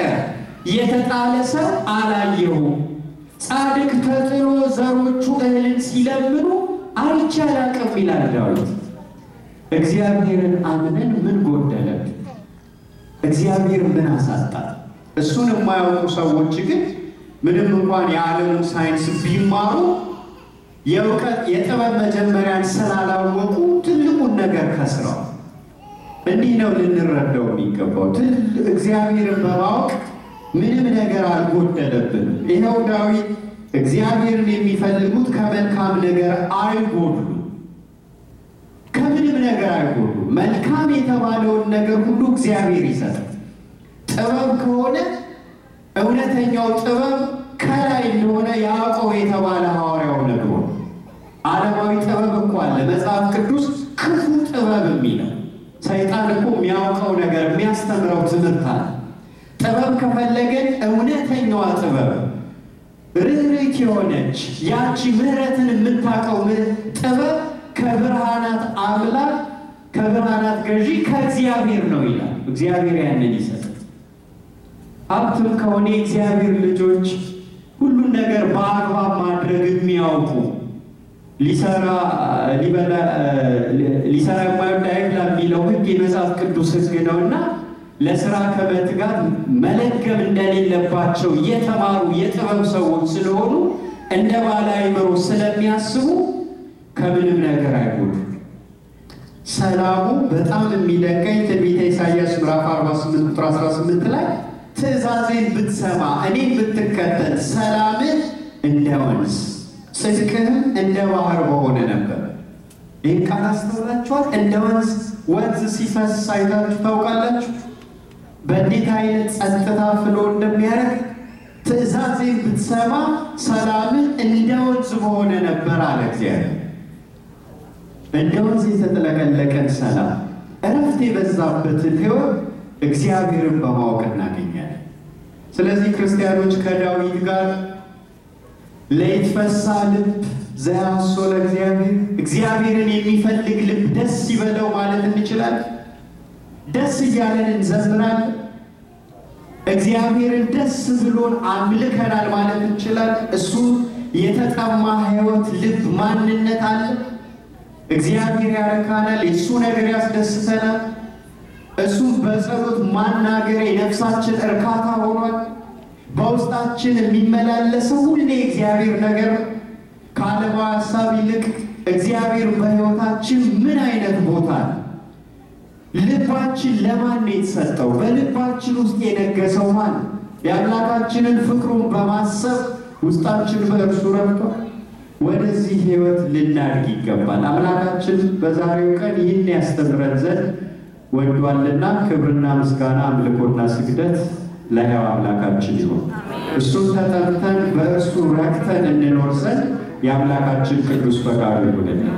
የተጣለ ሰው አላየሁም። ጻድቅ ተጥሎ ዘሮቹ እህልን ሲለምኑ አልቻላቅም ይላል ዳዊት። እግዚአብሔርን አምነን ምን ጎደለብን? እግዚአብሔር ምን አሳጣ እሱን የማያውቁ ሰዎች ግን ምንም እንኳን የዓለሙን ሳይንስ ቢማሩ የእውቀት የጥበብ መጀመሪያን ስላላወቁ ትልቁን ነገር ከስረው እንዲህ ነው ልንረዳው የሚገባው። እግዚአብሔርን በማወቅ ምንም ነገር አልጎደለብን ይኸው ዳዊት እግዚአብሔርን የሚፈልጉት ከመልካም ነገር አይጎዱ ከምንም ነገር አይጎዱ። መልካም የተባለውን ነገር ሁሉ እግዚአብሔር ይሰጣል። እውነተኛው ጥበብ ከላይ እንደሆነ ያዕቆብ የተባለ ሐዋርያው ነግሮ ዓለማዊ ጥበብ እኮ አለ መጽሐፍ ቅዱስ ክፉ ጥበብ የሚለው ሰይጣን እኮ የሚያውቀው ነገር የሚያስተምረው ትምህርት አለ። ጥበብ ከፈለገን እውነተኛዋ ጥበብ ርኅሪት የሆነች ያቺ ምሕረትን የምታውቀው ጥበብ ከብርሃናት አምላክ ከብርሃናት ገዢ ከእግዚአብሔር ነው ይላል። እግዚአብሔር ያንን ይሰጥ ሀብትም ከሆነ የእግዚአብሔር ልጆች ሁሉን ነገር በአግባብ ማድረግ የሚያውቁ ሊሰራ የማይወድ አይብላ የሚለው ሕግ የመጽሐፍ ቅዱስ ሕግ ነውና ለስራ ከመትጋት መለገም እንደሌለባቸው የተማሩ የጥበብ ሰዎች ስለሆኑ እንደ ባለ አእምሮ ስለሚያስቡ ከምንም ነገር አይጎዱም። ሰላሙ በጣም የሚደንቀኝ ትንቢተ ኢሳይያስ ምዕራፍ 48 ቁጥር 18 ላይ ትእዛዜን ብትሰማ እኔን ብትከተል ሰላምህ እንደ ወንዝ ጽድቅህም እንደ ባህር በሆነ ነበር። ይህን ቃል አስተውላችኋል? እንደ ወንዝ ወንዝ ሲፈስ ሳይታችሁ ታውቃላችሁ? በእንዴት አይነት ጸጥታ ፍሎ እንደሚያደርግ ትእዛዜን ብትሰማ ሰላምህ እንደ ወንዝ በሆነ ነበር አለ እግዚአብሔር። እንደ ወንዝ የተጠለቀለቀን ሰላም እረፍት የበዛበትን ህይወት እግዚአብሔርን በማወቅ እናገኛለን። ስለዚህ ክርስቲያኖች ከዳዊት ጋር ለይትፈሳ ልብ ዘያሶ ለእግዚአብሔር እግዚአብሔርን የሚፈልግ ልብ ደስ ይበለው ማለት እንችላለን። ደስ እያለን እንዘምራለን። እግዚአብሔርን ደስ ብሎን አምልከናል ማለት እንችላለን። እሱ የተጠማ ሕይወት ልብ ማንነት አለ። እግዚአብሔር ያረካናል። የእሱ ነገር ያስደስተናል። እሱም በጸሎት ማናገሬ ነፍሳችን እርካታ ሆኗል። በውስጣችን የሚመላለሰው ሁሌ እግዚአብሔር ነገር ከዓለማ ሀሳብ ይልቅ እግዚአብሔር በሕይወታችን ምን አይነት ቦታ ልባችን ለማን የተሰጠው? በልባችን ውስጥ የነገሰው ማን? የአምላካችንን ፍቅሩን በማሰብ ውስጣችን በእርሱ ረብቶ ወደዚህ ሕይወት ልናድግ ይገባል። አምላካችን በዛሬው ቀን ይህን ያስተምረን ዘንድ ወዷልና ክብርና ምስጋና አምልኮና ስግደት ለሕያው አምላካችን ይሆን። እሱ ተጠርተን በእርሱ ረክተን እንኖር ዘንድ የአምላካችን ቅዱስ ፈቃዱ ይሁንልን።